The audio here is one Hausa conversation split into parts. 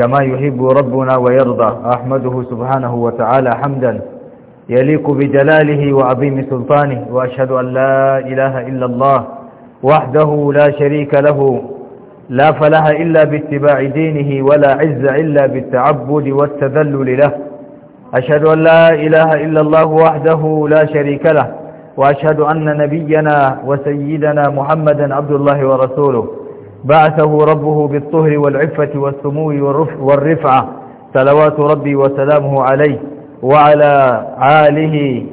كما يحب ربنا ويرضى أحمده سبحانه وتعالى حمدا يليق بجلاله وعظيم سلطانه وأشهد أن لا إله إلا الله وحده لا شريك له لا فلاح إلا باتباع دينه ولا عز إلا بالتعبد والتذلل له أشهد أن لا إله إلا الله وحده لا شريك له وأشهد أن نبينا وسيدنا محمدا عبد الله ورسوله بعثه ربه بالطهر والعفة والسمو والرفعة صلوات ربي وسلامه عليه وعلى آله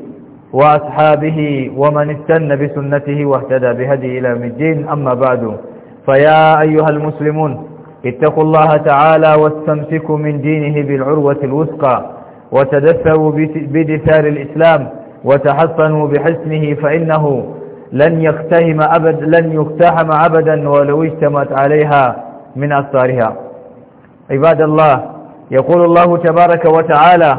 وأصحابه ومن استن بسنته واهتدى بهدي إلى الدين أما بعد فيا أيها المسلمون اتقوا الله تعالى واستمسكوا من دينه بالعروة الوثقى وتدثروا بدثار الإسلام وتحصنوا بحسنه فإنه لن يقتهم أبد لن يقتحم أبدا ولو اجتمت عليها من أثارها عباد الله يقول الله تبارك وتعالى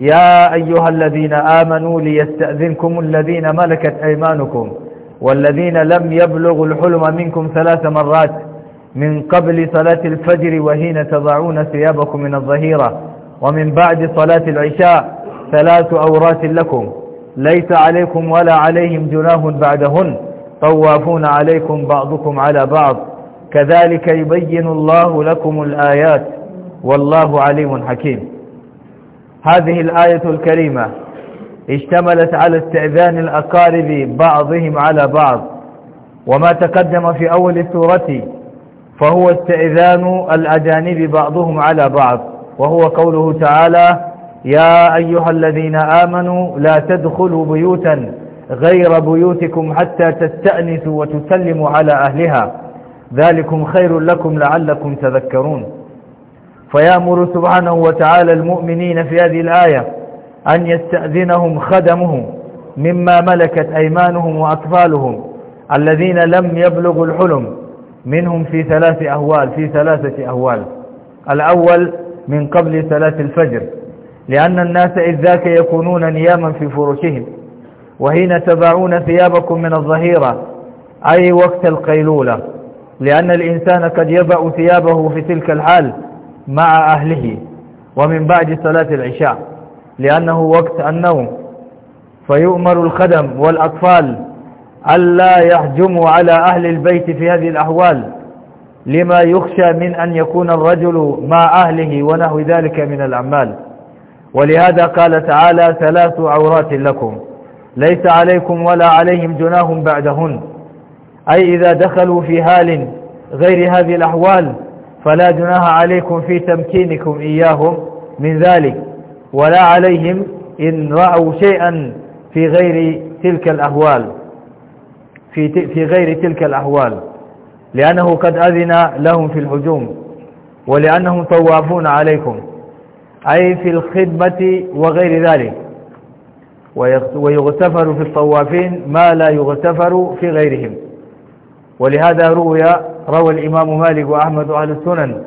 يا أيها الذين آمنوا ليستأذنكم الذين ملكت أيمانكم والذين لم يبلغوا الحلم منكم ثلاث مرات من قبل صلاة الفجر وحين تضعون ثيابكم من الظهيرة ومن بعد صلاة العشاء ثلاث أورات لكم ليس عليكم ولا عليهم جناه بعدهن طوافون عليكم بعضكم على بعض كذلك يبين الله لكم الآيات والله عليم حكيم هذه الآية الكريمة اشتملت على استئذان الأقارب بعضهم على بعض وما تقدم في أول السورة فهو استئذان الأجانب بعضهم على بعض وهو قوله تعالى يا أيها الذين آمنوا لا تدخلوا بيوتا غير بيوتكم حتى تستأنسوا وتسلموا على أهلها ذلكم خير لكم لعلكم تذكرون فيأمر سبحانه وتعالى المؤمنين في هذه الآية أن يستأذنهم خدمهم مما ملكت أيمانهم وأطفالهم الذين لم يبلغوا الحلم منهم في ثلاث أهوال في ثلاثة أهوال الأول من قبل ثلاث الفجر لأن الناس إذ ذاك يكونون نياما في فرشهم وحين تبعون ثيابكم من الظهيرة أي وقت القيلولة لأن الإنسان قد يبأ ثيابه في تلك الحال مع أهله ومن بعد صلاة العشاء لأنه وقت النوم فيؤمر الخدم والأطفال ألا يحجموا على أهل البيت في هذه الأحوال لما يخشى من أن يكون الرجل مع أهله ونحو ذلك من الأعمال ولهذا قال تعالى ثلاث عورات لكم ليس عليكم ولا عليهم جناه بعدهن أي إذا دخلوا في هال غير هذه الأحوال فلا جناها عليكم في تمكينكم إياهم من ذلك ولا عليهم إن رأوا شيئا في غير تلك الأحوال في, في غير تلك الأحوال لأنه قد أذن لهم في الهجوم ولأنهم طوافون عليكم أي في الخدمة وغير ذلك ويغتفر في الطوافين ما لا يغتفر في غيرهم ولهذا روي روى الإمام مالك وأحمد أهل السنن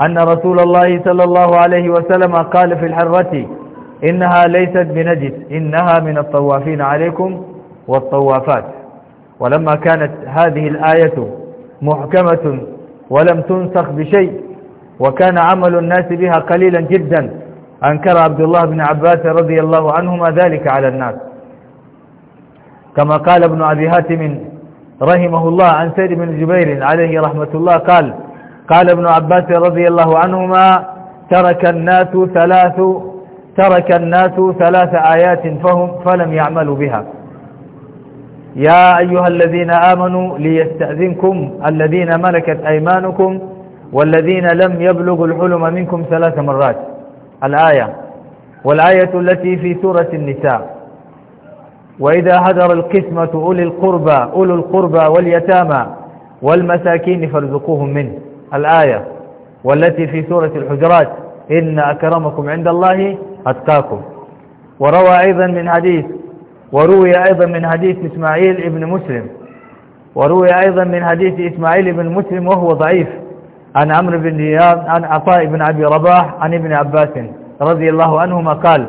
أن رسول الله صلى الله عليه وسلم قال في الحرة إنها ليست بنجس إنها من الطوافين عليكم والطوافات ولما كانت هذه الآية محكمة ولم تنسخ بشيء وكان عمل الناس بها قليلا جدا أنكر عبد الله بن عباس رضي الله عنهما ذلك على الناس كما قال ابن أبي هاتم رحمه الله عن سيد بن جبير عليه رحمة الله قال قال ابن عباس رضي الله عنهما ترك الناس ثلاث ترك الناس ثلاث آيات فهم فلم يعملوا بها يا أيها الذين آمنوا ليستأذنكم الذين ملكت أيمانكم والذين لم يبلغوا الحلم منكم ثلاث مرات الآية والآية التي في سورة النساء وإذا حضر القسمة أولي القربى أولو القربى واليتامى والمساكين فارزقوهم منه الآية والتي في سورة الحجرات إن أكرمكم عند الله أتقاكم وروى أيضا من حديث وروي أيضا من حديث إسماعيل ابن مسلم وروي أيضا من حديث إسماعيل ابن مسلم وهو ضعيف عن عمرو بن دياب عن عطاء بن أبي رباح عن ابن عباس رضي الله عنهما قال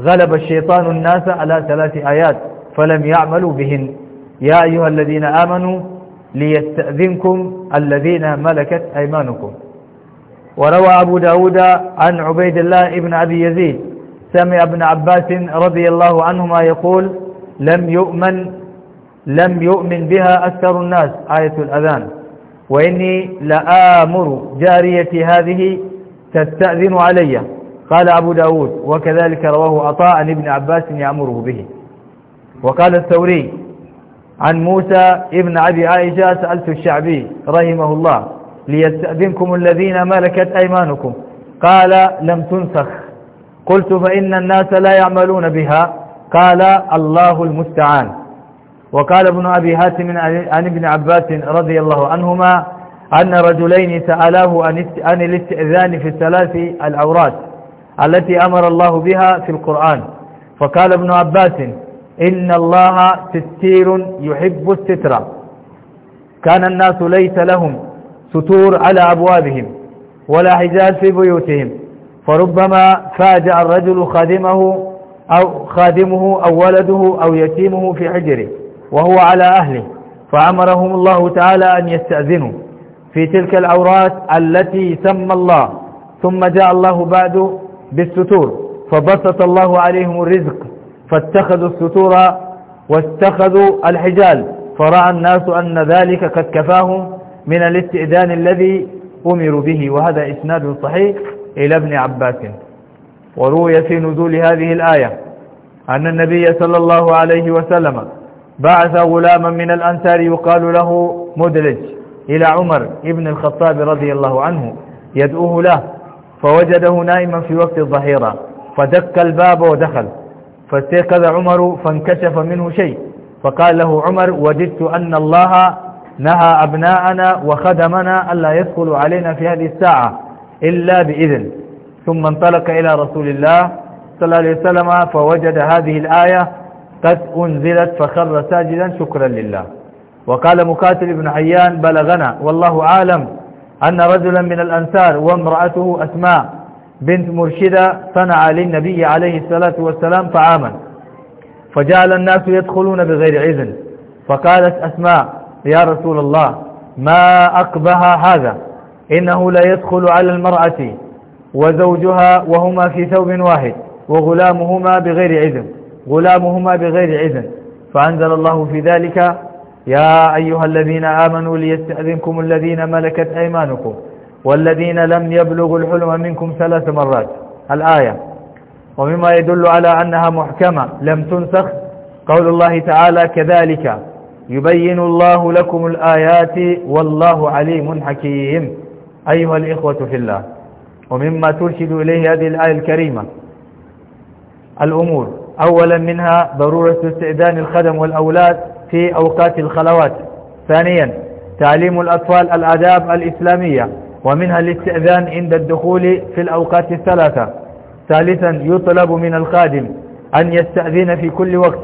غلب الشيطان الناس على ثلاث آيات فلم يعملوا بهن يا أيها الذين آمنوا ليستأذنكم الذين ملكت أيمانكم وروى أبو داود عن عبيد الله بن أبي يزيد سمع ابن عباس رضي الله عنهما يقول لم يؤمن لم يؤمن بها أكثر الناس آية الأذان وإني لآمر جاريتي هذه تستأذن علي قال أبو داود وكذلك رواه عطاء عن ابن عباس يأمره به وقال الثوري عن موسى ابن أبي عائشة سألت الشعبي رحمه الله ليستأذنكم الذين ملكت أيمانكم قال لم تنسخ قلت فإن الناس لا يعملون بها قال الله المستعان وقال ابن أبي هاتم عن ابن عباس رضي الله عنهما أن رجلين سألاه عن الاستئذان في الثلاث العورات التي أمر الله بها في القرآن فقال ابن عباس إن الله ستير يحب الستر كان الناس ليس لهم ستور على أبوابهم ولا حجاز في بيوتهم فربما فاجأ الرجل خادمه أو خادمه أو ولده أو يتيمه في حجره وهو على أهله فأمرهم الله تعالى أن يستأذنوا في تلك العورات التي سمى الله ثم جاء الله بعد بالستور فبسط الله عليهم الرزق فاتخذوا الستور واتخذوا الحجال فرأى الناس أن ذلك قد كفاهم من الاستئذان الذي أمروا به وهذا إسناد صحيح إلى ابن عباس وروي في نزول هذه الآية أن النبي صلى الله عليه وسلم بعث غلاما من الأنصار يقال له مدلج إلى عمر ابن الخطاب رضي الله عنه يدعوه له فوجده نائما في وقت الظهيرة فدق الباب ودخل فاستيقظ عمر فانكشف منه شيء فقال له عمر وجدت أن الله نهى أبناءنا وخدمنا ألا يدخلوا علينا في هذه الساعة إلا بإذن ثم انطلق إلى رسول الله صلى الله عليه وسلم فوجد هذه الآية قد أنزلت فخر ساجدا شكرا لله وقال مقاتل بن حيان بلغنا والله عالم أن رجلا من الأنصار وامرأته أسماء بنت مرشدة صنع للنبي عليه الصلاة والسلام طعاما فجعل الناس يدخلون بغير إذن فقالت أسماء يا رسول الله ما أقبح هذا إنه لا يدخل على المرأة وزوجها وهما في ثوب واحد وغلامهما بغير إذن غلامهما بغير إذن فأنزل الله في ذلك يا أيها الذين آمنوا ليستأذنكم الذين ملكت أيمانكم والذين لم يبلغوا الحلم منكم ثلاث مرات الآية ومما يدل على أنها محكمة لم تنسخ قول الله تعالى كذلك يبين الله لكم الآيات والله عليم حكيم أيها الإخوة في الله ومما ترشد إليه هذه الآية الكريمة الأمور أولا منها ضرورة استئذان الخدم والأولاد في أوقات الخلوات ثانيا تعليم الأطفال الآداب الإسلامية ومنها الاستئذان عند الدخول في الأوقات الثلاثة ثالثا يطلب من الخادم أن يستأذن في كل وقت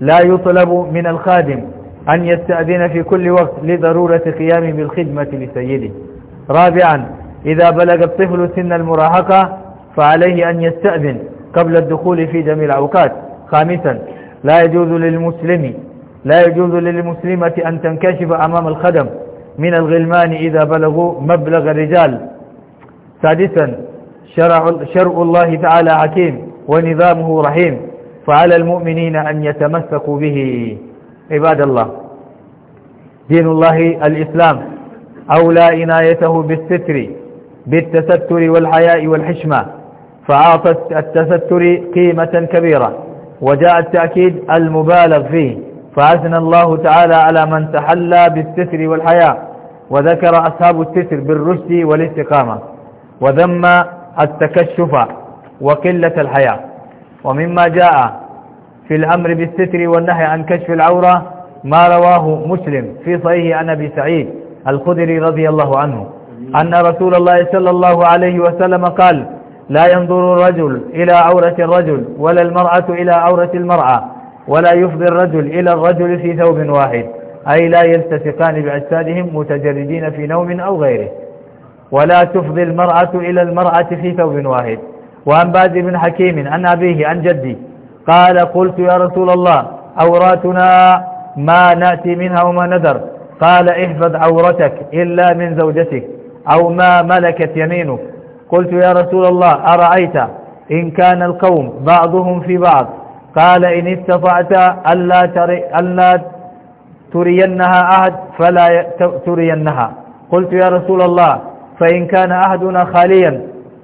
لا يطلب من الخادم أن يستأذن في كل وقت لضرورة قيامه بالخدمة لسيده رابعا إذا بلغ الطفل سن المراهقة فعليه أن يستأذن قبل الدخول في جميع الأوقات خامسا لا يجوز للمسلم لا يجوز للمسلمة أن تنكشف أمام الخدم من الغلمان إذا بلغوا مبلغ الرجال سادسا شرع, شرع الله تعالى حكيم ونظامه رحيم فعلى المؤمنين أن يتمسكوا به عباد الله دين الله الإسلام أولى عنايته بالستر بالتستر والحياء والحشمة فأعطت التستر قيمة كبيرة وجاء التأكيد المبالغ فيه فأثنى الله تعالى على من تحلى بالستر والحياء وذكر أصحاب الستر بالرشد والاستقامة وذم التكشف وقلة الحياء ومما جاء في الأمر بالستر والنهي عن كشف العورة ما رواه مسلم في صحيح عن أبي سعيد الخدري رضي الله عنه أن رسول الله صلى الله عليه وسلم قال لا ينظر الرجل إلى عورة الرجل ولا المرأة إلى عورة المرأة ولا يفضي الرجل إلى الرجل في ثوب واحد أي لا يلتصقان بأجسادهم متجردين في نوم أو غيره ولا تفضي المرأة إلى المرأة في ثوب واحد وعن بادي بن حكيم عن أبيه عن جدي قال قلت يا رسول الله عوراتنا ما نأتي منها وما نذر قال احفظ عورتك إلا من زوجتك أو ما ملكت يمينك قلت يا رسول الله أرأيت إن كان القوم بعضهم في بعض قال إن استطعت ألا, تري ألا ترينها أحد فلا ترينها قلت يا رسول الله فإن كان أحدنا خاليا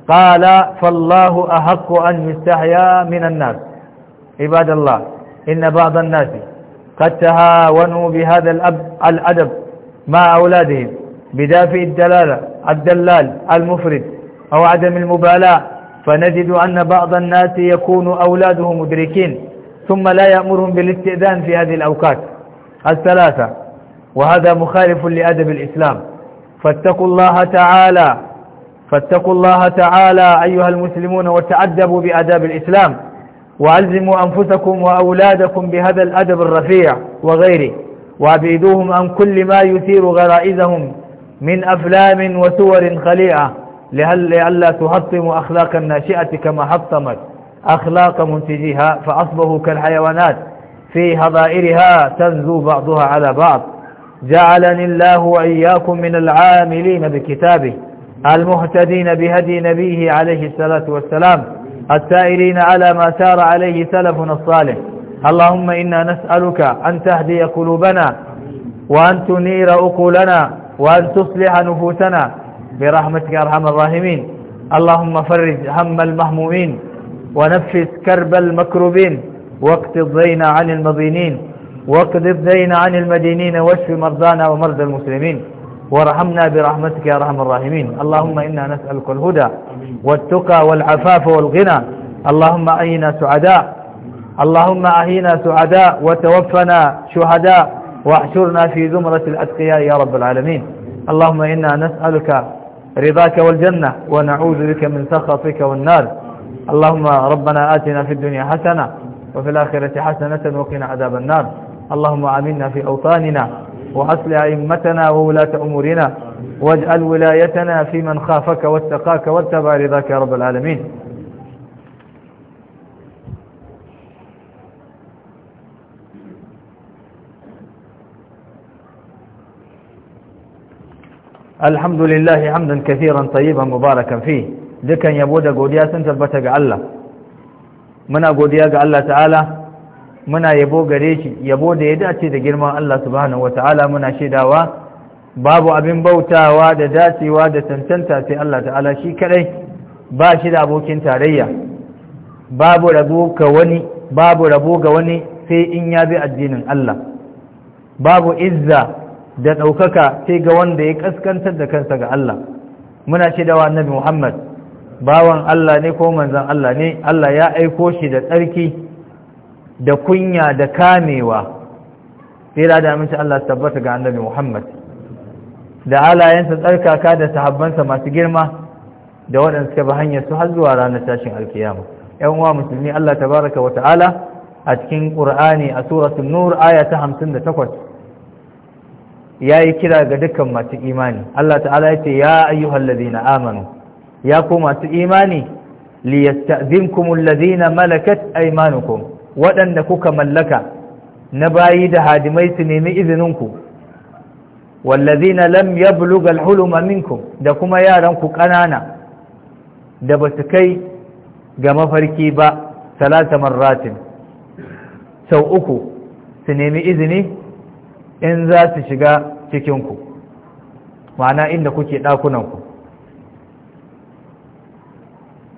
قال فالله أحق أن يستحيا من الناس عباد الله إن بعض الناس قد تهاونوا بهذا الأب الأدب مع أولادهم بدافئ الدلالة الدلال المفرد أو عدم المبالاة فنجد أن بعض الناس يكون أولاده مدركين ثم لا يأمرهم بالاستئذان في هذه الأوقات الثلاثة وهذا مخالف لأدب الإسلام فاتقوا الله تعالى فاتقوا الله تعالى أيها المسلمون وتأدبوا بأداب الإسلام وألزموا أنفسكم وأولادكم بهذا الأدب الرفيع وغيره وأبعدوهم عن كل ما يثير غرائزهم من أفلام وسور خليعة لهل لئلا تهطم أخلاق الناشئة كما حطمت أخلاق منتجيها فأصبحوا كالحيوانات في هضائرها تنزو بعضها على بعض جعلني الله وإياكم من العاملين بكتابه المهتدين بهدي نبيه عليه الصلاة والسلام السائرين على ما سار عليه سلفنا الصالح اللهم إنا نسألك أن تهدي قلوبنا وأن تنير أقولنا وأن تصلح نفوسنا برحمتك أرحم الراحمين اللهم فرج هم المهمومين ونفس كرب المكروبين واقض الدين عن المضينين واقض الدين عن المدينين واشف مرضانا ومرضى المسلمين وارحمنا برحمتك يا ارحم الراحمين اللهم إنا نسألك الهدى والتقى والعفاف والغنى اللهم أهينا سعداء اللهم أهينا سعداء وتوفنا شهداء واحشرنا في زمرة الأتقياء يا رب العالمين اللهم إنا نسألك رضاك والجنة ونعوذ بك من سخطك والنار اللهم ربنا آتنا في الدنيا حسنة وفي الآخرة حسنة وقنا عذاب النار اللهم آمنا في أوطاننا وأصل أئمتنا وولاة أمورنا واجعل ولايتنا في من خافك واتقاك واتبع رضاك يا رب العالمين الحمد لله حمدا كثيرا طيبا مباركا فيه dukan yabo da godiya sun tabbata ga Allah muna godiya ga Allah ta'ala muna yabo gare shi yabo da ya dace da girman Allah subhanahu wata'ala muna shaidawa babu abin bautawa da dacewa da tantanta sai Allah ta'ala shi kadai ba shi da abokin tarayya babu rabo ga wani babu rabo ga wani sai in ya bi addinin Allah babu izza da ɗaukaka sai ga wanda ya kaskantar da kansa ga Allah muna ce da annabi Muhammad bawan Allah ne ko manzan Allah ne Allah ya aiko shi da tsarki da kunya da kamewa tsira da aminci Allah tabbata ga annabi Muhammad da halayensa tsarkaka da sahabbansa masu girma da waɗanda suka bi hanyar su har zuwa ranar tashin alkiyama yan uwa musulmi Allah baraka wa ta'ala a cikin Qur'ani a suratul Nur aya ta 58 ya yi kira ga dukkan masu imani Allah ta'ala ya ce ya ayyuhal ladina amanu ya ku masu imani li yasta'zinkum alladhina malakat aymanukum waɗanda kuka mallaka na bayi da hadimai su nemi izininku wallazina lam yablugha alhuluma minkum da kuma yaran ku kanana da basu kai ga mafarki ba salata marratin sau uku su nemi izini in za su shiga cikinku ma'ana inda kuke ɗakunanku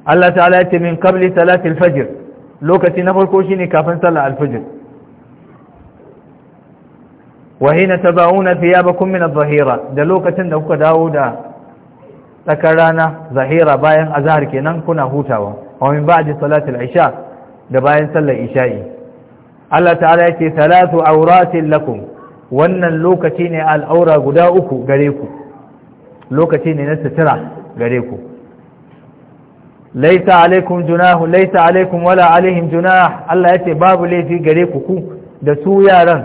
Allah ta'ala ya ce min kabli talatin fajr lokaci na farko shine kafin sallar alfajr wa hina tabauna thiyabakum min adh-dhahira da lokacin da kuka dawo da tsakar rana zahira bayan azahar kenan kuna hutawa wa min ba'di salatul isha da bayan sallar isha'i Allah ta'ala ya ce salatu auratin lakum wannan lokaci ne al'aura guda uku gare ku lokaci ne na sutura gare ku laisa alaikum junahu laisa alaikum wala alaihim junah Allah yace babu laifi gare ku ku da su yaran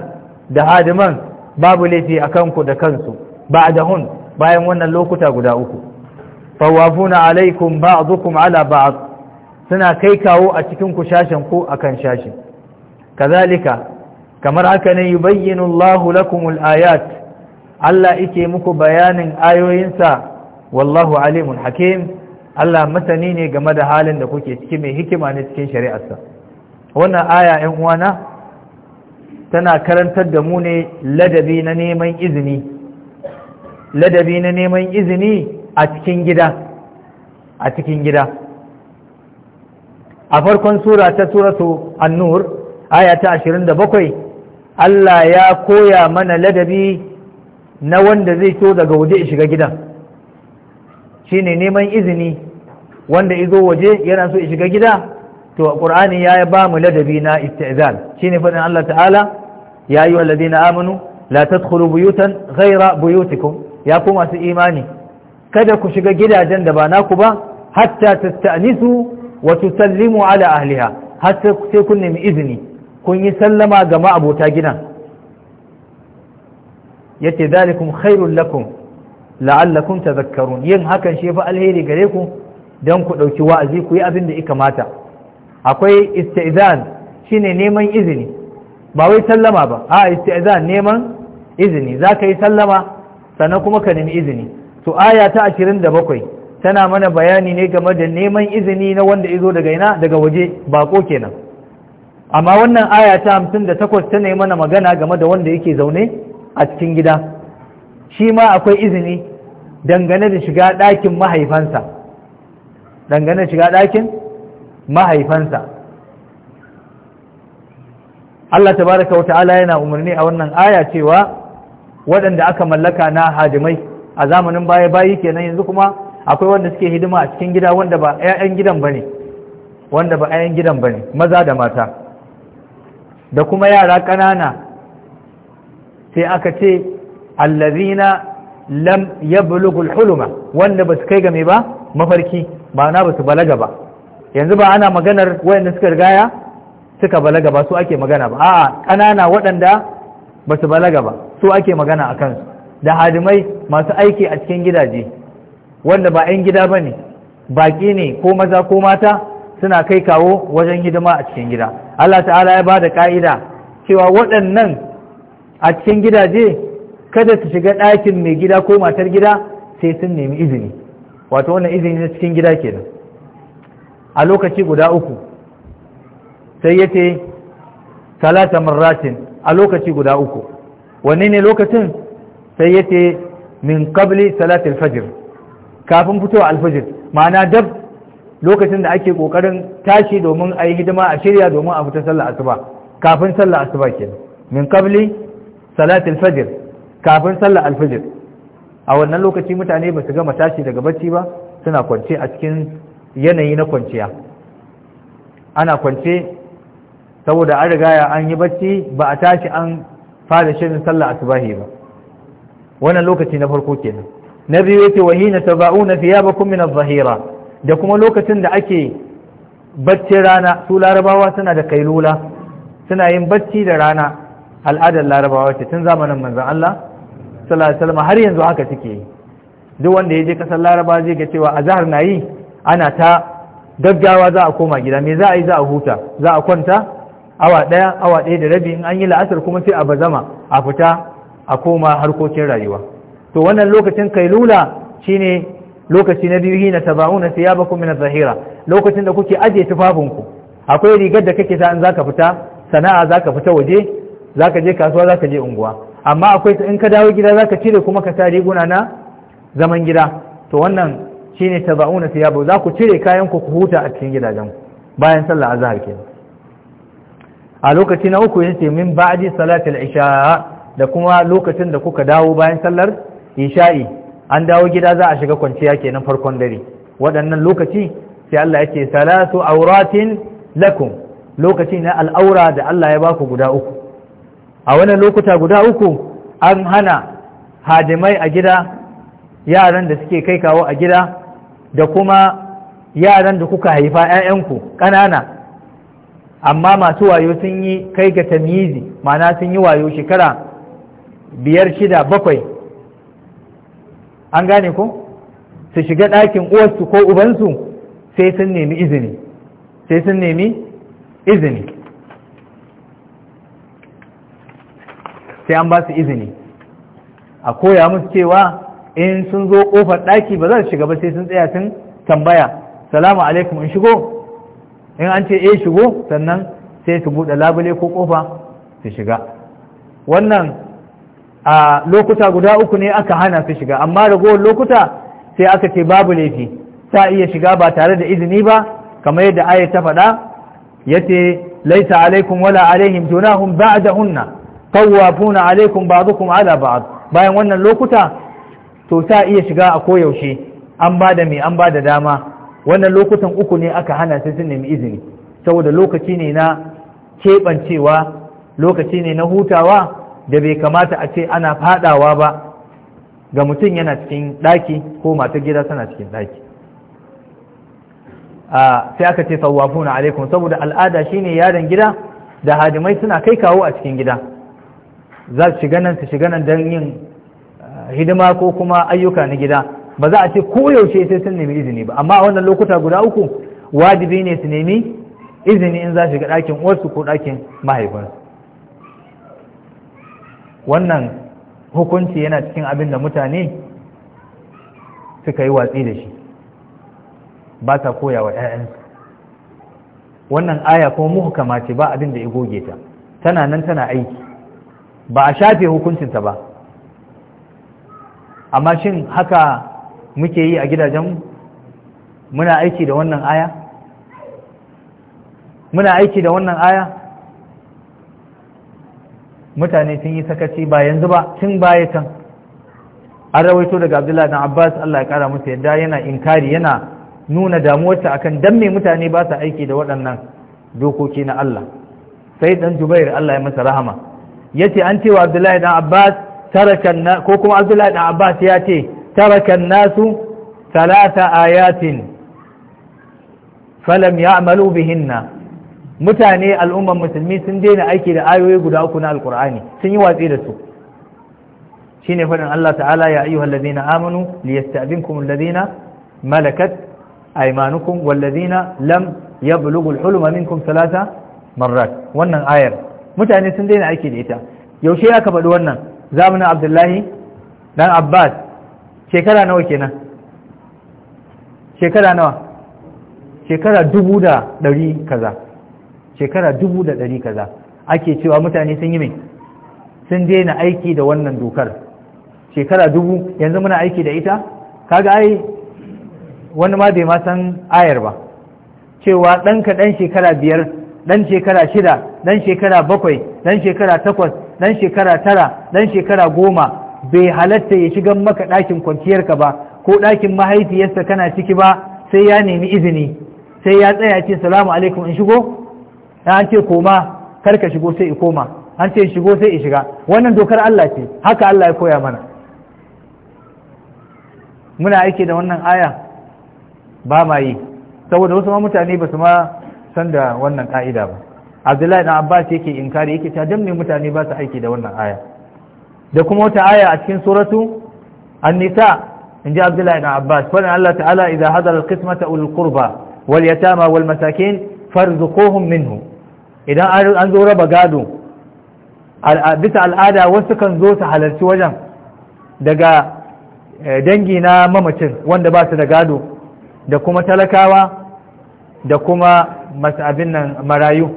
da hadiman babu laifi akan ku da kansu ba'dahun bayan wannan lokuta guda uku fawafuna alaikum ba'dukum ala ba'd suna kai kawo a cikin ku shashin ku akan shashi kazalika kamar haka ne yubayyinu Allahu lakumul ayat Allah yake muku bayanin ayoyinsa wallahu alimun hakim Allah masani ne game da halin da kuke ciki mai hikima ne cikin shari'arsa wannan aya 'yan uwana tana karantar da mu ne ladabi na neman izini ladabi na neman izini a cikin gida a cikin gida a farkon sura ta suratu an-nur aya ta bakwai. Allah ya koya mana ladabi na wanda zai so daga waje shiga gidan shine neman izini wanda izo waje yana so ya shiga gida to ƙur'ani ya ba mu ladabi na istizan shine faɗin Allah ta'ala ya ayyuha alladhina amanu la tadkhulu buyutan ghayra buyutikum ya ku masu imani kada ku shiga gidajen da ba naku ba hatta tasta'nisu wa tusallimu ala ahliha hatta sai kun nemi izini kun yi sallama ga ma'abota gidan yace zalikum khairul lakum la'allakum tadhakkarun yin hakan shi fa alheri gare ku dan ku dauki wa'azi ku yi abin da ya kamata akwai istizan shine neman izini ba wai sallama ba a istizan neman izini zaka yi sallama sannan kuma ka nemi izini to aya ta 27 tana mana bayani ne game da neman izini na wanda izo daga ina daga waje bako kenan amma wannan aya ta hamsin da takwas ta nemi mana magana game da wanda yake zaune a cikin gida shi ma akwai izini dangane da shiga ɗakin mahaifansa dangane da shiga ɗakin mahaifansa Allah tabaraka wata'ala yana umarni a wannan aya cewa waɗanda aka mallaka na hadimai a zamanin baya bayi kenan yanzu kuma akwai wanda suke hidima a cikin gida wanda ba 'ya'yan gidan bane ba 'ya'yan maza da mata da kuma yara ƙanana sai aka ce allazina lam yablughul huluma wanda ba su kai game ba mafarki ba na ba su balaga ba yanzu ba ana maganar wayanda suka rigaya suka balaga ba su ake magana ba a'a ƙanana waɗanda ba su balaga ba su ake magana a kansu da hadimai masu aiki a cikin gidaje wanda ba 'yan gida ba ne baƙi ne ko maza ko mata suna kai kawo wajen hidima a cikin gida Allah ta'ala ya bada ka'ida cewa waɗannan a cikin gidaje kada su shiga ɗakin mai gida ko matar gida sai sun nemi izini wato wannan izini na cikin gida kenan a lokaci guda uku sai ya ce talata marratin a lokaci guda uku wanne ne lokacin sai ya ce min qabli salatul fajr kafin fitowa alfajir ma'ana dab lokacin da ake kokarin tashi domin a yi hidima a shirya domin a fita sallah, asuba kafin sallah, asuba ke min qabli salatul fajr kafin sallah alfajr a wannan lokaci mutane ba su gama tashi daga bacci ba suna kwance a cikin yanayi na kwanciya ana kwance saboda an rigaya an yi bacci ba a tashi an fara shirin sallah asubahi ba wannan lokaci na farko kenan na yake wahina taba'una thiyabakum min adh-dhahira da kuma lokacin da ake baccin rana su larabawa suna da kailula suna yin bacci da rana al'adar larabawa ce tun zamanin manzan Allah salama har yanzu haka suke yi duk wanda ya je kasar larabawa zai ga cewa a zahar na yi ana ta gaggawa za a koma gida me za a yi za a huta za a kwanta awa ɗaya awa ɗaya da rabi in an yi la'asar kuma sai a ba zama a fita a koma harkokin rayuwa to wannan lokacin kailula shine lokaci na biyu hina tabauna thiyabakum min adh-dhahira lokacin da kuke aje tufafinku akwai rigar da kake sa in zaka fita sana'a zaka fita waje zaka je kasuwa zaka je unguwa amma akwai in ka dawo gida zaka cire kuma ka sa riguna na zaman gida to wannan shine tabauna thiyabu za ku cire kayan ku huta a cikin gidajen bayan sallah azhar kenan a lokaci na uku yace min ba'di salatil isha da kuma lokacin da kuka dawo bayan sallar isha'i an dawo gida za a shiga kwanciya kenan farkon dare waɗannan lokaci sai Allah ya ce salatu auratin lakum lokaci na al'aura da Allah ya baku guda uku a wannan lokuta guda uku an hana hadimai a gida yaran da suke kai kawo a gida da kuma yaran da kuka haifa 'ya'yanku ƙanana amma masu wayo sun yi kai ga tamyizi ma'ana sun yi wayo shekara biyar shida bakwai an gane ko su shiga ɗakin uwarsu ko ubansu sai sun nemi izini sai sun nemi izini sai an ba su izini a koya musu cewa in sun zo kofar ɗaki ba za su shiga ba sai sun tsaya sun tambaya salamu alaikum in shigo in an ce eh shigo sannan sai su buɗe labule ko ƙofa su shiga wannan a lokuta guda uku ne aka hana su shiga amma ragowar lokuta sai aka ce babu laifi ta iya shiga ba tare da izini ba kamar yadda aya ta faɗa yace laisa alaikum wala alaihim junahum hunna tawafuna alaikum ba'dukum ala ba'd bayan wannan lokuta to ta iya shiga a koyaushe an ba mai an bada dama wannan lokutan uku ne aka hana su sun nemi izini saboda lokaci ne na keɓancewa lokaci ne na hutawa da bai kamata a ce ana fadawa ba ga mutum yana cikin daki ko matar gida tana cikin daki sai aka ce tawafuna alaikum saboda al'ada shine yaran gida da hadimai suna kai kawo a cikin gida za su shiga nan su shiga nan don yin hidima ko kuma ayyuka na gida ba za a ce koyaushe sai sun nemi izini ba amma a wannan lokuta guda uku wajibi ne su nemi izini in za shiga ɗakin wasu ko ɗakin mahaifinsu wannan hukunci yana cikin abin da mutane suka yi watsi da shi ba ta koya wa 'ya'yansu wannan aya kuma muku ce ba abin da ya goge ta tana nan tana aiki ba a shafe hukuncinta ba amma shin haka muke yi a gidajen muna aiki da wannan aya muna aiki da wannan aya mutane sun yi sakaci ba yanzu ba tun baya can an rawaito daga abdullahi dan abbas allah ya kara musu yadda yana inkari yana nuna damuwarsa akan dan me mutane ba su aiki da waɗannan dokoki na allah sai dan jubair allah ya masa rahama yace an cewa abdullahi dan abbas tarakan ko kuma abdullahi dan abbas ya ce tarakan nasu talata ayatin falam ya'malu bihinna mutane al'ummar musulmi sun daina aiki da ayoyi guda uku na alkur'ani sun yi watsi da su shine faɗin Allah ta'ala ya ayyuhal ladina amanu liyasta'zinkum alladhina malakat aymanukum walladhina lam yablughu alhulma minkum thalatha marrat wannan ayar mutane sun daina aiki da ita yaushe aka faɗi wannan zamanin Abdullahi dan Abbas shekara nawa kenan shekara nawa shekara dubu da ɗari kaza shekara dubu da ɗari kaza ake cewa mutane sun yi mai sun daina aiki da wannan dokar shekara dubu yanzu muna aiki da ita kaga ai wani ma bai ma san ayar ba cewa ɗanka ɗan shekara biyar ɗan shekara shida ɗan shekara bakwai ɗan shekara takwas ɗan shekara tara ɗan shekara goma bai halatta ya shiga maka ɗakin kwanciyarka ba ko ɗakin mahaifiyarsa kana ciki ba sai ya nemi izini sai ya tsaya ce salamu alaikum in shigo an ce koma kar ka shigo sai i koma an ce shigo sai i shiga wannan dokar Allah ce haka Allah ya koya mana muna aiki da wannan aya ba ma yi saboda wasu mutane ba su ma san da wannan ka'ida ba Abdullahi na Abbas yake inkari yake ta dan mutane ba su aiki da wannan aya da kuma wata aya a cikin suratu an-nisa ji Abdullahi na Abbas fa Allah ta'ala idza hadara al-qismata ul qurba wal yatama wal masakin farzuquhum minhu idan an zo raba gado bisa al'ada wasu kan zo su halarci wajen daga eh, dangi na mamacin wanda ba su da gado da kuma talakawa da kuma masu abin nan marayu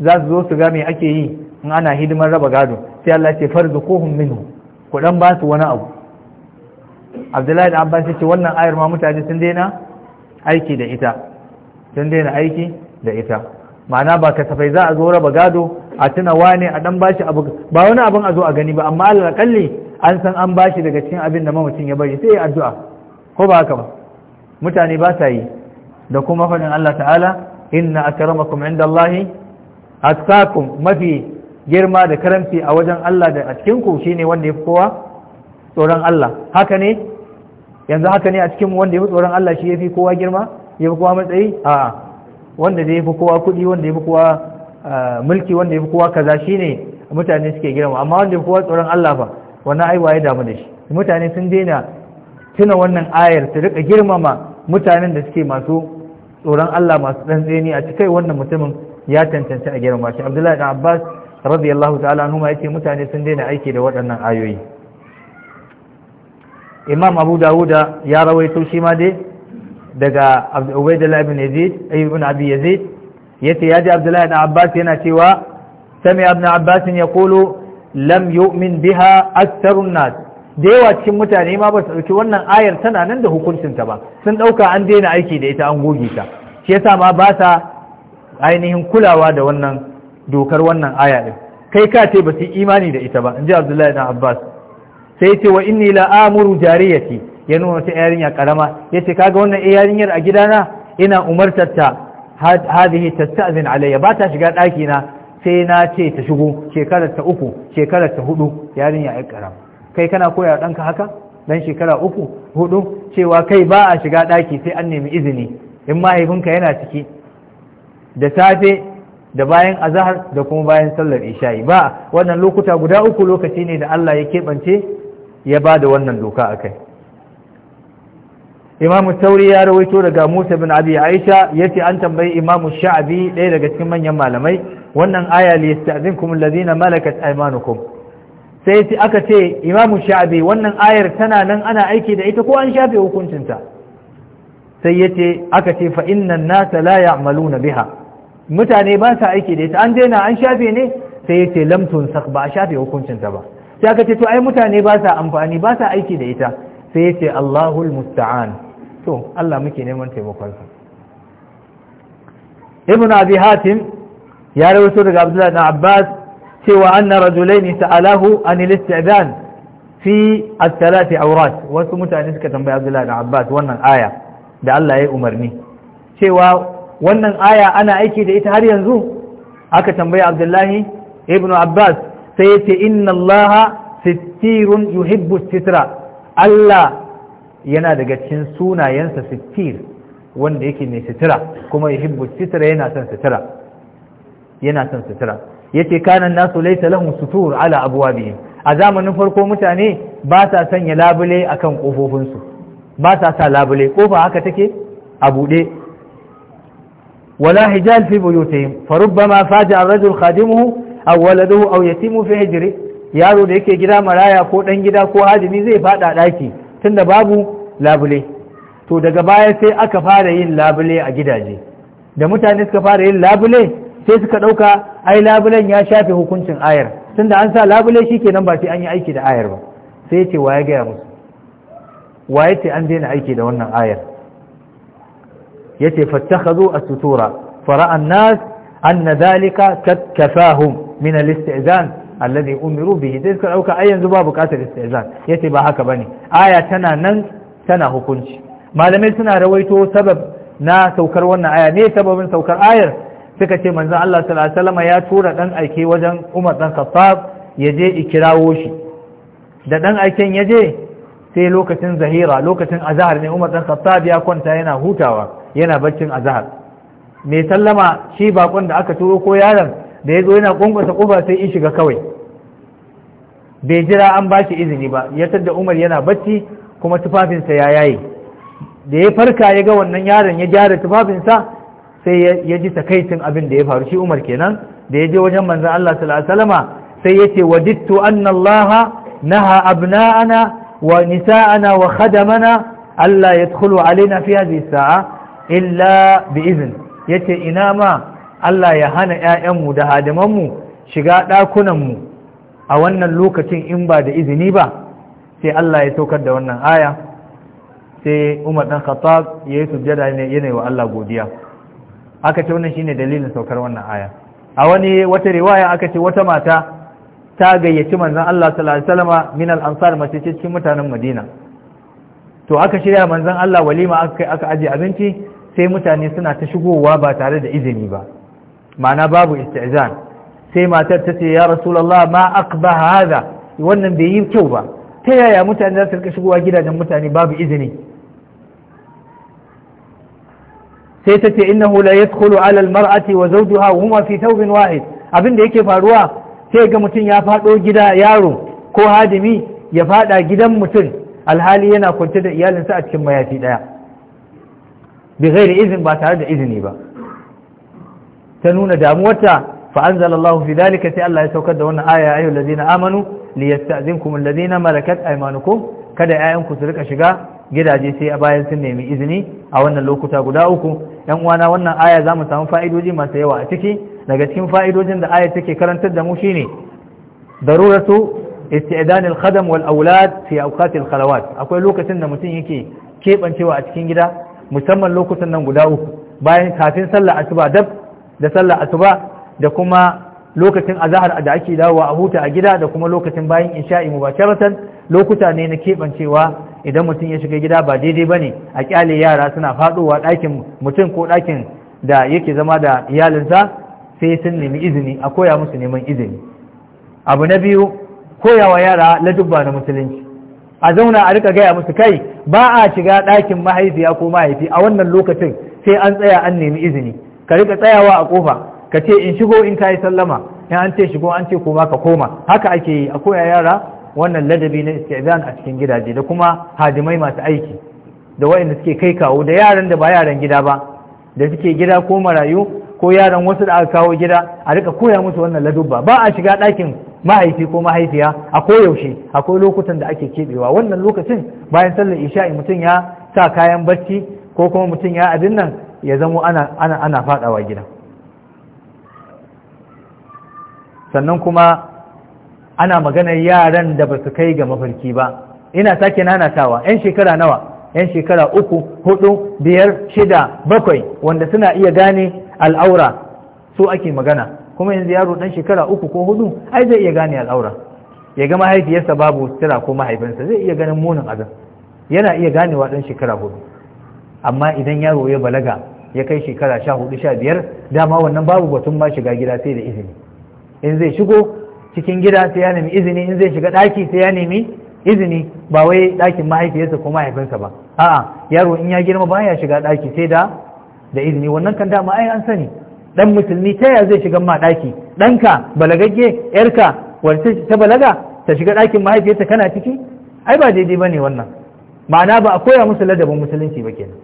za su zo su ga me ake yi in ana hidimar raba gado sai Allah ce farzuquhum minhu ku dan ba su wani abu Abdullahi da Abbas ce wannan ayar ma mutane sun daina aiki da ita sun daina aiki da ita ma'ana ba kasafai za a zo raba gado a tuna wane a dan bashi abu ba wani abin a zo a gani ba amma alƙalli an san an bashi daga cikin abin da mamacin ya bari sai addu'a ko ba haka ba mutane ba sa yi da kuma faɗin Allah ta'ala inna akramakum indallahi atqakum mafi girma da karamci a wajen Allah da a cikin ku shine wanda ya fi kowa tsoron Allah haka ne yanzu haka ne a cikin wanda ya fi tsoron Allah shi ya kowa girma ya fi kowa matsayi a'a wanda da ya fi kowa kudi, wanda ya fi kowa ah, mulki wanda ya fi kowa kaza shine mutane suke girma amma wanda ya fi kowa tsoron Allah fa wannan ai waye damu da shi mutane sun daina tuna wannan ayar su rika girmama mutanen da suke masu tsoron Allah masu tsini a cikai wannan mutumin ya tantance a girma shi Abdullahi da Abbas radiyallahu ta'ala anhu yace mutane sun daina aiki da waɗannan ayoyi Imam Abu Dawuda ya rawaito shi ma dai daga Ubaidullah ibn Yazid eh, ibn Abi Yazid yace yaji Abdullah ibn Abbas yana cewa sami ibn Abbas ya kolo lam yu'min biha aktharun nas da yawa cikin mutane ma ba su dauki wannan ayar tana nan da hukuncin ta ba sun dauka an daina aiki da ita an goge ta shi yasa ma ba sa ainihin kulawa da wannan dokar wannan aya din kai ka ce ba su imani da ita ba inji Abdullahi ibn Abbas sai ce wa inni la amuru jariyati ya nuna wata yarinya karama yace kaga wannan eh yarinyar a gidana ina umartar ta hadhihi tasta'zin alayya ba ta shiga daki na sai na ce ta shigo shekarar ta uku shekarar ta hudu yarinya ai karama kai kana koya danka haka dan shekara uku hudu cewa kai ba a shiga daki sai an nemi izini in mahaifinka yana ciki da safe da bayan azahar da kuma bayan sallar isha'i ba wannan lokuta guda uku lokaci ne da Allah ya kebance ya ba da wannan doka akai. imam tauri ya rawaito daga musa bin abi aisha yace an tambayi imam sha'abi ɗaya daga cikin manyan malamai wannan aya li yasta'zinkum alladhina malakat aymanukum sai ce aka ce imam sha'abi wannan ayar tana nan ana aiki da ita ko an shafe hukuncin ta. sai yace aka ce fa innan nasa la ya'maluna biha mutane ba sa aiki da ita an daina an shafe ne sai yace lam tunsak ba a shafe hukuncin ta ba sai aka ce to ai mutane ba sa amfani ba sa aiki da ita sai yace Allahul musta'an to Allah muke neman taimakonsa ibn abi hatim ya rawaito daga abdullahi na abbas cewa anna rajulaini sa'alahu an al-isti'dan fi al-thalath awrat wasu mutane suka tambaya abdullahi na abbas wannan aya da Allah ya umarni cewa wannan aya ana aiki da ita har yanzu aka tambaya abdullahi ibn abbas sai yace inna allaha sittirun yuhibbu sitra Allah yana daga cikin sunayensa sittir wanda yake mai sitira kuma ya hibbu sitira yana son sitira yana son sitira yace kana nasu laysa lahum sutur ala abwabihim a zamanin farko mutane ba sa sanya labule a akan kofofinsu ba sa sa labule kofa haka take a bude wala hijal fi buyutihim farubbama faja ar-rajul khadimuhu aw waladuhu aw yatimu fi hijri yaro da yake gida maraya ko dan gida ko hajimi zai fada daki tunda babu labule to daga baya sai aka fara yin labule a gidaje da mutane suka fara yin labule sai suka ɗauka ai labulen ya shafe hukuncin ayar tunda an sa labule shi kenan ba sai an yi aiki da ayar ba sai ce wa ya gaya musu wa ya ce an daina aiki da wannan ayar ya ce fattakazo a sutura fara'an nas an na zalika kaffafahum min al-istizan alladhi umiru bihi sai suka dauka ai yanzu ba bukatar istizan yace ba haka bane aya tana nan tana hukunci malamai suna rawaito sabab na saukar wannan aya ne sababin saukar ayar suka ce manzon Allah sallallahu alaihi wasallam ya tura dan aike wajen Umar dan Khattab ya je ikirawo shi da dan aiken ya je sai lokacin zahira lokacin azhar ne Umar dan Khattab ya kwanta yana hutawa yana baccin azhar mai sallama shi bakon da aka turo ko yaron da ya zo yana kwankwasa kuba sai in shiga kawai bai jira an ba shi izini ba ya tadda umar yana bacci kuma tufafinsa ya yaye da ya farka ya ga wannan yaron ya gyara tufafinsa sai ya ji takaicin abin da ya faru shi umar kenan da ya je wajen manzan Allah sallallahu alaihi wasallama sai ya ce wadittu annallaha naha abna'ana wa nisa'ana wa khadamana Allah yadkhulu alaina fi hadhihi sa'a illa bi Ya yace ina ma Allah ya hana 'ya'yanmu da hadimanmu shiga ɗakunanmu a wannan lokacin in ba da izini ba sai Allah ya saukar da wannan aya sai Umar ɗan Khattab ya yi sujjada yanayi wa Allah godiya aka ce wannan shine dalilin saukar wannan aya a wani wata riwaya aka ce wata mata ta gayyaci manzan Allah sallallahu alaihi min ansar mace cikin mutanen Madina to aka shirya manzan Allah walima aka aka aje abinci sai mutane suna ta shigowa ba tare da izini ba ma'ana babu istizan sai matar ta ce ya rasulullah ma aqba hada wannan bai yi kyau ba ta yaya mutane za su rika shigowa gidajen mutane babu izini sai ta ce innahu la yadkhulu ala almar'ati wa zawjuha huma fi thawbin wahid abin da yake faruwa sai ga mutum ya fado gida yaro ko hadimi ya fada gidan mutum alhali yana kwance da iyalinsa a cikin mayafi daya bi ghairi izin ba tare da izini ba ta nuna damuwarta fa anzalallahu fi dalika sai Allah ya saukar da wannan aya ayu allazina amanu liyasta'zinkum a malakat aymanukum kada ayanku su rika shiga gidaje sai a bayan sun nemi izini a wannan lokuta guda uku yan uwana wannan aya za mu samu fa'idoji masu yawa a ciki daga cikin fa'idojin da aya take karantar da mu shine daruratu isti'dan al-khadam wal awlad fi awqat al-khalawat akwai lokacin da mutum yake kebancewa a cikin gida musamman lokutan nan guda uku bayan kafin sallar asuba dab da sallar asuba da kuma lokacin azahar da ake dawowa a huta a gida da kuma lokacin bayan insha'i mubasharatan lokuta ne na keɓancewa idan mutum ya shiga gida ba daidai ba ne a kyale yara suna faɗowa ɗakin mutum ko ɗakin da yake zama da iyalinsa sai sun nemi izini a koya musu neman izini abu na biyu koyawa yara ladubba na musulunci a zauna a rika gaya musu kai ba a shiga ɗakin mahaifiya ko mahaifi a wannan lokacin sai an tsaya an nemi izini ka rika tsayawa a kofa ka ce in shigo in kayi sallama in an ce shigo an ce kuma ka koma haka ake yi a koya yara wannan ladabi na istizan a cikin gidaje da kuma hadimai masu aiki da waɗanda suke kai kawo da yaran da ba yaran gida ba da suke gida ko marayu ko yaran wasu da aka kawo gida a rika koya musu wannan ladubba ba a shiga ɗakin mahaifi ko mahaifiya a koyaushe akwai lokutan da ake keɓewa wannan lokacin bayan sallar isha'i mutum ya sa kayan barci ko kuma mutum ya abin nan ya zama ana ana fadawa gida sannan kuma ana magana yaran da ba su kai ga mafarki ba ina sake nanatawa 'yan shekara nawa 'yan shekara uku hudu biyar shida bakwai wanda suna iya gane al'aura su ake magana kuma yanzu yaro dan shekara uku ko hudu ai zai iya gane al'aura ya ga mahaifiyarsa babu sutura ko mahaifinsa zai iya ganin munin azan yana iya ganewa dan shekara hudu amma idan yaro ya balaga ya kai shekara sha hudu sha biyar dama wannan babu batun ma shiga gida sai da izini in zai shigo cikin gida sai ya nemi izini in zai shiga daki sai ya nemi izini ba wai dakin mahaifiyarsa ko mahaifinsa ba a'a yaro in ya girma baya shiga daki sai da da izini wannan kan dama ai an sani dan musulmi ta ya zai shiga ma dan ka balagagge yarka wace ta balaga ta shiga dakin mahaifiyarta kana ciki ai ba daidai bane wannan ma'ana ba a koya musu ladabin musulunci ba kenan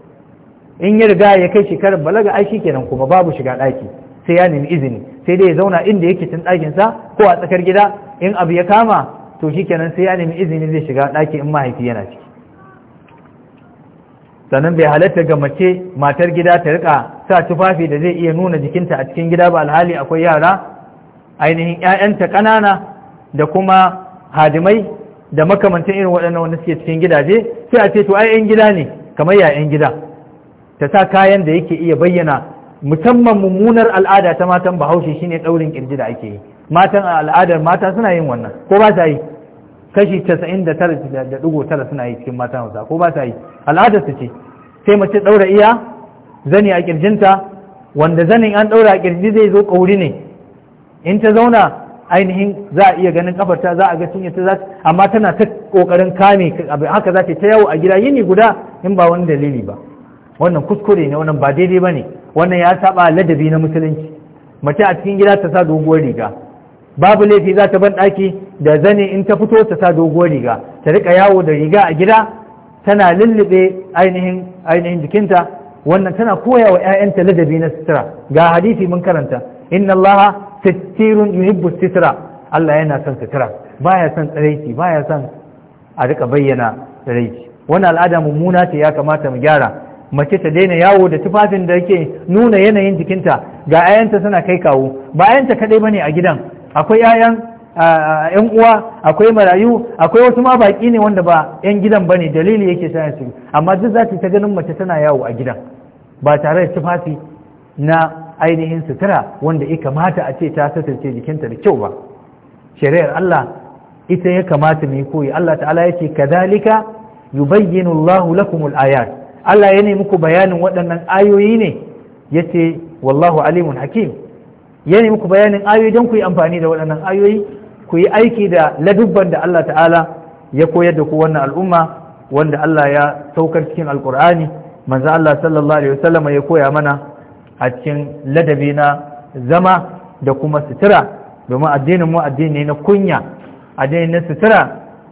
in ya riga ya kai shekarar balaga ai kenan kuma babu shiga ɗaki sai ya nemi izini sai dai ya zauna inda yake cin ɗakinsa ko a tsakar gida in abu ya kama to shi kenan sai ya nemi izini zai shiga ɗaki in mahaifi yana ciki sannan bai halatta ga mace matar gida ta rika sa tufafi da zai iya nuna jikinta a cikin gida ba alhali akwai yara ainihin 'ya'yanta ƙanana da kuma hadimai da makamantan irin waɗannan wanda suke cikin gidaje sai a ce to ai ƴan gida ne kamar ya ƴan gida ta sa kayan da yake iya bayyana musamman mummunar al'ada ta matan bahaushe shine daurin kirji da ake yi matan a al'adar mata suna yin wannan ko ba ta yi kashi 99.9 suna yi cikin matan hausa ko ba ta yi al'adar su ce sai mace daura iya zani a kirjinta wanda zanin an daura a kirji zai zo kauri ne in ta zauna ainihin za a iya ganin kafarta za a ga cinye ta za amma tana ta kokarin kame haka za ta yawo a gida yini guda in ba wani dalili ba wannan kuskure ne wannan ba daidai ba ne wannan ya saba ladabi na musulunci mace a cikin gida ta sa doguwar riga babu laifi za ta ban ɗaki da zane in ta fito ta sa doguwar riga ta rika yawo da riga a gida tana lullube ainihin ainihin jikinta wannan tana koya wa 'ya'yanta ladabi na sutura ga hadisi mun karanta inna allaha sattirun yuhibbu sutura Allah yana son sitira baya son tsiraici baya son a rika bayyana tsiraici wannan al'ada mummuna ce ya kamata mu gyara mace ta daina yawo da tufafin da yake nuna yanayin jikinta ga 'ya'yanta suna kai kawo ba kaɗai ba ne a gidan akwai 'ya'yan yan uwa akwai marayu akwai wasu ma baƙi ne wanda ba yan gidan ba ne dalili yake sa su amma duk za ta ganin mace tana yawo a gidan ba tare da tufafi na ainihin sutura wanda ya kamata a ce ta satarce jikinta da kyau ba shari'ar Allah ita ya kamata mu koyi Allah ta'ala yake kadhalika yubayyinu Allahu lakumul ayat Allah ya nemi ku bayanin waɗannan ayoyi ne ya ce wallahu alimun hakim ya nemi ku bayanin ayoyi don ku yi amfani da waɗannan ayoyi ku yi aiki da ladubban da Allah ta'ala ya koyar da ku wannan al'umma wanda Allah ya saukar cikin alkur'ani manzo Allah sallallahu alaihi wasallam ya koya mana a cikin ladabi na zama da kuma sutura domin addinin mu addini na kunya addini na sutura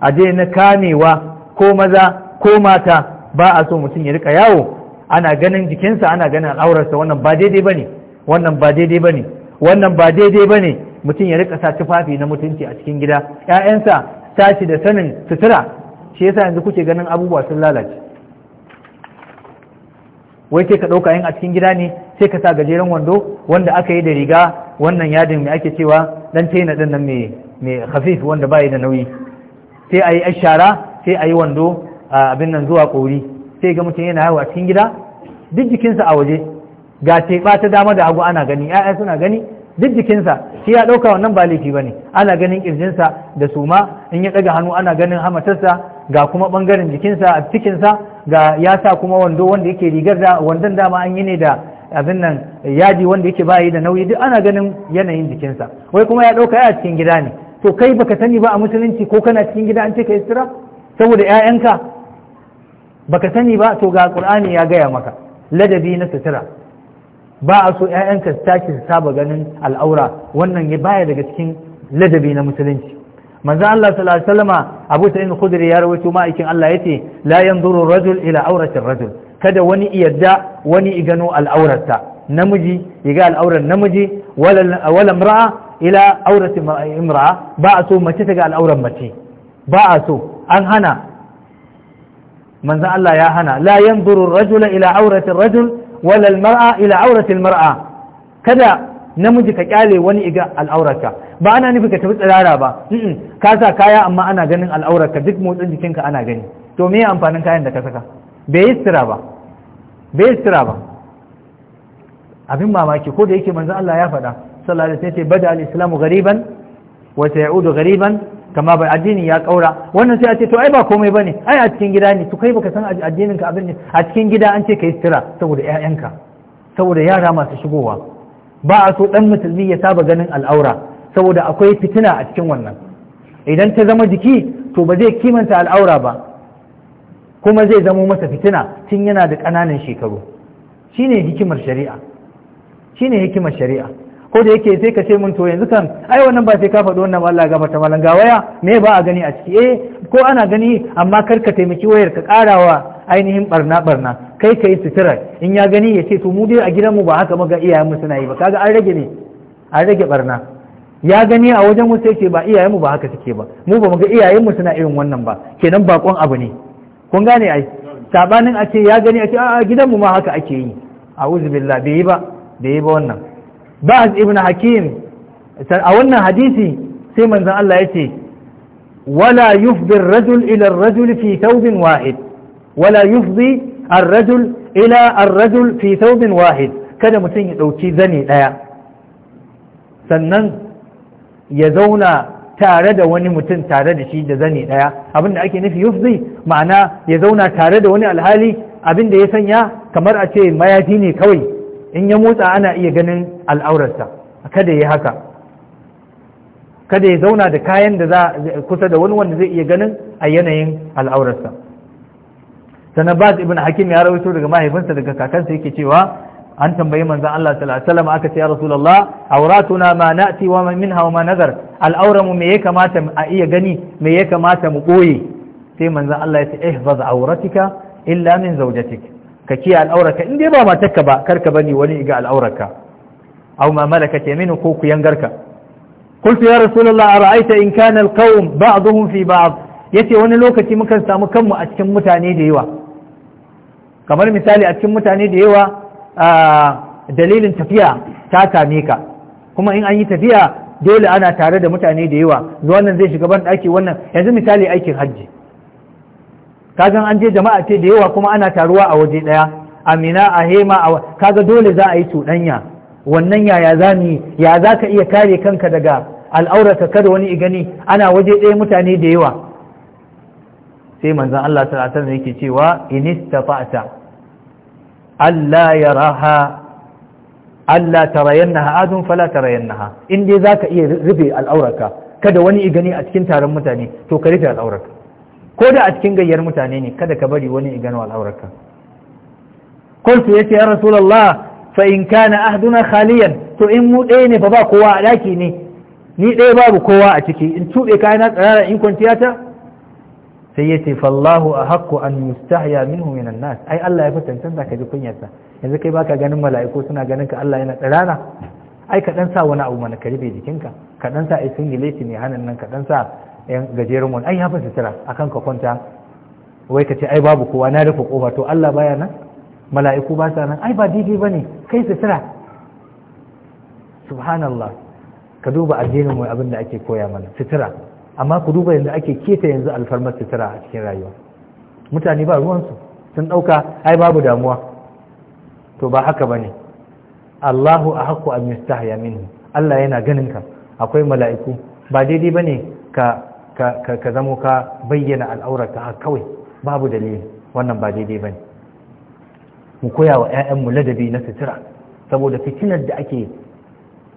addini na kamewa ko maza ko mata ba a so mutum ya rika yawo ana ganin jikinsa ana ganin al'aurarsa wannan ba daidai ba ne wannan ba daidai ba ne wannan ba daidai ba ne mutum ya rika sa tufafi na mutunci a cikin gida ƴaƴansa tashi da sanin sutura shi yasa yanzu kuke ganin abubuwa sun lalace wai sai ka ɗauka yin a cikin gida ne sai ka sa gajeren wando wanda aka yi da riga wannan yadin mai ake cewa dan tena din nan mai mai khafif wanda bai da nauyi sai ayi ashara sai ayi wando abin nan zuwa ƙori sai ga mutum yana yawo a cikin gida duk jikinsa a waje ga teɓa ta dama da hagu ana gani ya'ya suna gani duk jikinsa shi ya ɗauka wannan ba laifi ba ne ana ganin ƙirjinsa da suma in ya ɗaga hannu ana ganin hamatarsa ga kuma ɓangaren jikinsa a cikinsa ga ya sa kuma wando wanda yake rigar da wandon dama an yi ne da abin nan yaji wanda yake bayi da nauyi duk ana ganin yanayin jikinsa wai kuma ya ɗauka ya cikin gida ne to kai baka sani ba a musulunci ko kana cikin gida an ce ka istira saboda 'ya'yanka baka sani ba to ga qur'ani ya gaya maka ladabi na sutura ba a so ƴaƴanka su tashi su saba ganin al'aura wannan ya baya daga cikin ladabi na musulunci manzo Allah sallallahu alaihi wasallama Abu Sa'id al-Khudri ya rawaito ma'aikin Allah yace la yanzuru rajul ila aurati rajul kada wani yadda wani igano al'aurarta namiji yaga al'aurar namiji wala wala imra'a ila aurati imra'a ba a so mace ta ga al'aurar mace ba a so an hana manzan Allah ya hana la yanzuru rajula ila aurati rajul wala mara ila auratin mara. kada namiji ka kyale wani iga al'aurarka ba ana nufi ka tafi tsirara ba ka sa kaya amma ana ganin al'aurarka duk motsin jikinka ana gani to me amfanin kayan da ka saka bai yi sira ba bai yi sira ba abin mamaki ko da yake manzan Allah ya faɗa sallallahu alaihi wasallam bada al-islamu ghariban wa sayudu ghariban kama ba addini ya kaura wannan sai a ce to ai ba komai bane ai a cikin gida ne to kai baka san addinin ka abin ne a cikin gida an ce kai sitira saboda ƴaƴanka saboda yara masu shigowa ba a so dan musulmi ya saba ganin al'aura saboda akwai fitina a cikin wannan idan ta zama jiki to ba zai kimanta al'aura ba kuma zai zamo masa fitina tun yana da ƙananan shekaru shine hikimar shari'a shine hikimar shari'a ko da yake sai ka ce mun to yanzu kan ai wannan ba sai ka faɗi wannan Allah ga fata malan ga waya me ba a gani a ciki eh ko ana gani amma kar ka taimaki wayar ka karawa ainihin barna barna kai kai sutura in ya gani ya ce to mu dai a gidanmu ba haka muga iyayen mu suna yi ba kaga an rage ne an rage barna ya gani a wajen mu sai ce ba iyayen mu ba haka suke ba mu ba mu ga iyayen mu suna irin wannan ba kenan bakon abu ne kun gane ai sabanin a ce ya gani a ce a gidanmu ma haka ake yi a'udhu billahi bai yi ba bai yi ba wannan ba'az ibn hakim a wannan hadisi sai manzon Allah ya ce, wala yufdi ar-rajul ila ar-rajul fi thawbin wahid wala yufdi ar-rajul ila ar-rajul fi thawbin wahid kada mutum ya dauki zane daya sannan ya zauna tare da wani mutum tare da shi da zane daya abinda ake nufi yufzi ma'ana ya zauna tare da wani alhali abinda ya sanya kamar a ce mayafi ne kawai in ya motsa ana iya ganin al'aurarsa kada ya haka kada ya zauna da kayan da za kusa da wani wanda zai iya ganin a yanayin al'aurarsa sannan ba ibn hakim ya rawaito daga mahaifinsa daga kakansa yake cewa an tambayi manzon Allah sallallahu alaihi wasallam aka ce ya rasulullah auratuna ma na'ti wa minha wa ma nazar al'auramu me ya kamata a iya gani me ya kamata mu boye sai manzan Allah ya ce ihfaz auratika illa min zawjatika ka kiya al'aurarka in dai ba matarka ba karka bani wani ga al'aurarka aw ma malakat yaminu ko ku yangarka qultu ya rasulullah ara'aita in kana alqawm ba'dhum fi ba'd yace wani lokaci muka samu kanmu a cikin mutane da yawa kamar misali a cikin mutane da yawa dalilin tafiya ta same ka kuma in an yi tafiya dole ana tare da mutane da yawa nan zai shiga ban daki wannan yanzu misali aikin hajji kagan an je jama'a ce da yawa kuma ana taruwa a waje daya amina a hema a kaga dole za a yi cuɗanya wannan yaya za mu ya za ka iya kare kanka daga al'aurata kada wani i gani ana waje ɗaya mutane da yawa sai manzon Allah sallallahu alaihi wasallam yake cewa inistafa'ta alla yaraha alla tarayannaha adun fala tarayannaha in dai zaka iya rufe al'auraka kada wani i gani a cikin taron mutane to ka rufe al'auraka ko da a cikin gayyar mutane ne kada ka bari wani igano al'aurarka kultu ya ce ya rasulallah fa in kana ahduna khaliyan to in mu ɗaya ne fa ba kowa a ɗaki ne ni ɗaya babu kowa a ciki in tuɓe kayan na tsirara in kwanciya ta sai ya ce fallahu a haƙƙo an yustahya minhu minan nas ai Allah ya fi tantanta ka ji kunyarsa yanzu kai baka ganin mala'iku suna ganin ka Allah yana tsirara ai ka dan sa wani abu mana ka jikinka ka dan sa ai singileti ne hannun nan ka dan sa yan gajeren wani ai ya fi sutura akan ka kwanta wai ka ce ai babu kowa na rufe kofa to Allah baya nan mala'iku ba sa nan ai ba daidai bane kai sutura subhanallah ka duba addinin mu abin da ake koya mana sutura amma ku duba yadda ake keta yanzu alfarmar sutura a cikin rayuwa mutane ba ruwansu sun ɗauka ai babu damuwa to ba haka ba ne allahu a haku an yastahya minhu allah yana ganin ka akwai mala'iku ba daidai ba ne ka ka zamo ka bayyana al'aurarka haka kawai babu dalili wannan ba daidai ba ne mu koya wa 'ya'yanmu ladabi na sutura saboda fitinar da ake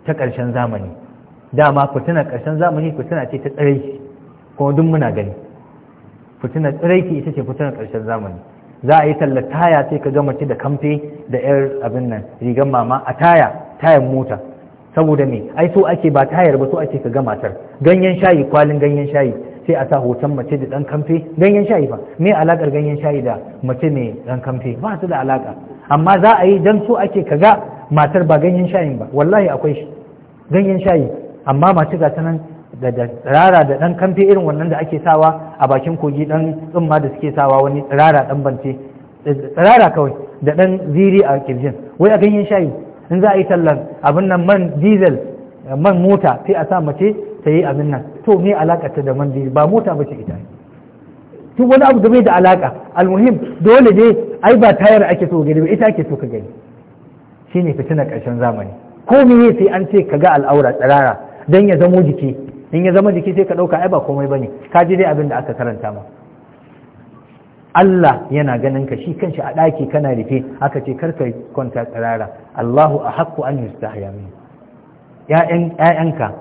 ta ƙarshen zamani dama fitinar ƙarshen zamani fitina ce ta tsirai kuma duk muna gani fitinar tsiraiki ita ce fitinar ƙarshen zamani za a yi tallar taya sai ka ga mace da kamfe da 'yar abin nan rigar mama a taya tayan mota saboda me ai so ake ba tayar ba so ake ka ga matar ganyen shayi kwalin ganyen shayi sai a sa hoton mace da dan kamfe ganyen shayi ba me alakar ganyen shayi da mace mai dan kamfe ba su da alaka amma za a yi dan so ake ka ga matar ba ganyen shayin ba wallahi akwai ganyen shayi amma mace ga ta nan da rara da dan kamfe irin wannan da ake sawa a bakin kogi dan tsumma da suke sawa wani rara dan bance rara kawai da dan ziri a kirjin wai a ganyen shayi in za a yi tallar abin nan man diesel man mota sai a sa mace ta yi abin nan to me alaka ta da man diesel ba mota ba ce ita duk wani abu da bai da alaka almuhim dole dai ai ba tayar ake so gani ba ita ake so ka gani shine fitina karshen zamani ko me sai an ce ka ga al'aura tsirara dan ya zamo jiki in ya zama jiki sai ka dauka ai ba komai bane ka ji dai abin da aka karanta ma Allah yana ganin ka shi kanshi a ɗaki kana rufe aka ce karka kwanta tsirara Allahu a haƙƙo an yustahya min ‘ya’yanka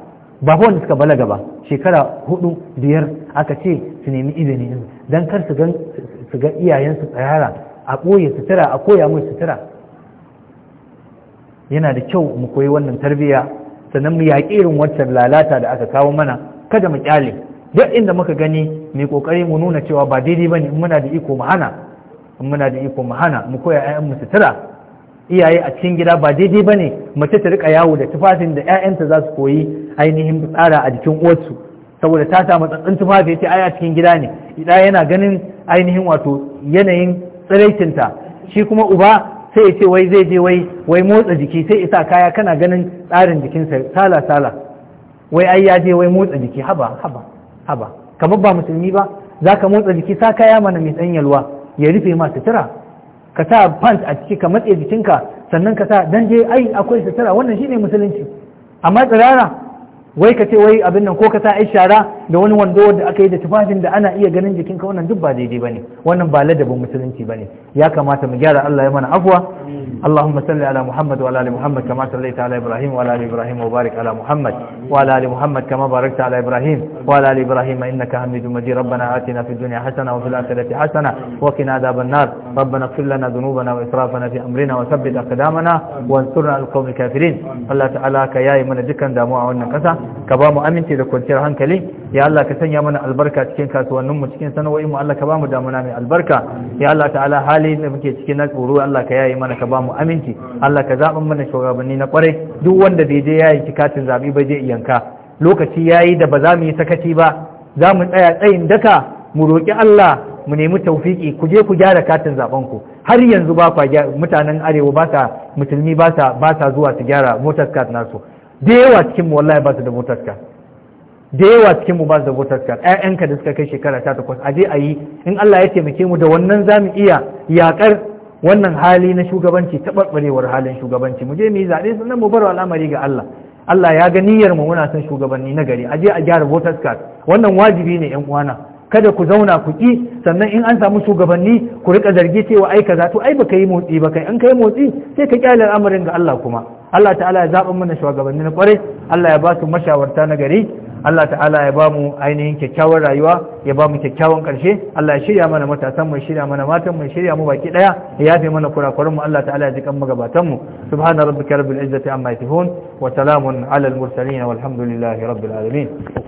ba wanda suka balaga ba shekara hudu biyar aka ce su nemi izini don kar su gan su iyayensu tsirara a ɓoye sutura a koya mai sutura yana da kyau mu koyi wannan tarbiyya sannan mu yaƙi irin waccan lalata da aka kawo mana kada mu kyale duk inda muka gani mai kokari mu nuna cewa ba daidai bane in muna da iko mu in muna da iko mu hana mu koya ƴaƴan mu sutura iyaye a cikin gida ba daidai bane mace ta rika yawo da tufafin da ƴaƴanta za su koyi ainihin tsara a jikin uwarsu saboda ta samu tsantsan tufafi ya ce ai a cikin gida ne Ida yana ganin ainihin wato yanayin tsiraitinta shi kuma uba sai ya ce wai zai je wai wai motsa jiki sai isa kaya kana ganin tsarin jikinsa sala sala wai ai ya je wai motsa jiki haba haba haba kamar ba musulmi ba za ka motsa jiki sa kaya mana mai sanyalwa ya rufe ma sutura ka sa pants a ciki ka matse jikinka sannan ka sa dan je ai akwai sutura wannan shine musulunci amma tsirara wai ka ce wai abin nan ko ka sa ai shara da wani wando da aka yi da tufafin da ana iya ganin jikin ka wannan duk ba daidai bane wannan ba ladabin musulunci bane ya kamata mu gyara Allah ya mana afwa Allahumma salli ala Muhammad wa ala ali Muhammad kama sallaita ala Ibrahim wa ala ali Ibrahim wa barik ala Muhammad wa ala Muhammad kama barakta ala Ibrahim wa ala ali Ibrahim innaka Hamidum Majid rabbana atina fid dunya hasana wa fil akhirati hasana wa qina adhaban nar rabbana ighfir lana dhunubana wa israfana fi amrina wa thabbit aqdamana wa ansurna ala alqawmi kafirin Allah ta'ala ka yayi mana dukkan damuwa wannan kasa ka ba mu aminci da kwanciyar hankali ya Allah ka sanya mana albarka cikin kasuwannin mu cikin sana'o'in mu Allah ka bamu damuna mai albarka ya Allah ta'ala hali da muke cikin na tsoro Allah ka yayi mana ka bamu aminci Allah ka zaɓa mana shugabanni na kwarai duk wanda bai je yayi katin zabi ba zai yanka lokaci yayi da ba za mu yi sakaci ba za mu tsaya tsayin daka mu roƙi Allah mu nemi taufiki ku je ku gyara katin zaben ku har yanzu ba kwa mutanen arewa ba sa musulmi ba sa ba sa zuwa su gyara motar card nasu da yawa cikin mu wallahi ba su da motar card da yawa cikin mu ba da voter card ƴaƴanka da suka kai shekara ta takwas a je a yi in Allah ya taimake mu da wannan za mu iya yaƙar wannan hali na shugabanci taɓarɓarewar halin shugabanci mu je mu yi zaɓe sannan mu bar al'amari ga Allah Allah ya ga niyyar mu muna son shugabanni na gari aje a gyara voter card wannan wajibi ne ƴan uwana kada ku zauna ku ki sannan in an samu shugabanni ku rika zargi cewa ai kaza to ai baka yi motsi ba kai an kai motsi sai ka kyale al'amarin ga Allah kuma Allah ta'ala ya zaɓa mana shugabanni na kwarai Allah ya ba su mashawarta na gari Allah ta'ala ya ba mu ainihin kyakkyawan rayuwa ya ba mu kyakkyawan ƙarshe Allah ya shirya mana matasan mu shirya mana matan mu shirya mu baki ɗaya ya yafe mana kurakuran mu Allah ta'ala ya ji kan magabatan mu subhana rabbika rabbil izzati amma yasifun wa salamun alal mursalin walhamdulillahi rabbil alamin